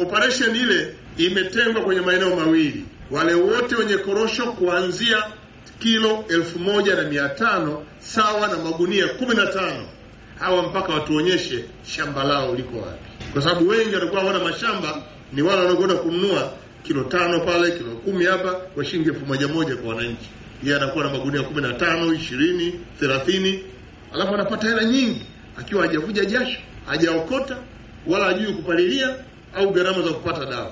Operation ile imetengwa kwenye maeneo mawili, wale wote wenye korosho kuanzia kilo elfu moja na mia tano sawa na magunia kumi na tano hawa mpaka watuonyeshe shamba lao liko wapi, kwa sababu wengi watakuwa hawana mashamba. Ni wale wanaokwenda kununua kilo tano pale kilo kumi hapa kwa shilingi elfu moja moja kwa wananchi. Yeye anakuwa na magunia kumi na tano ishirini thelathini alafu anapata hela nyingi akiwa hajavuja jasho, hajaokota wala hajui kupalilia. au gharama za kupata dawa.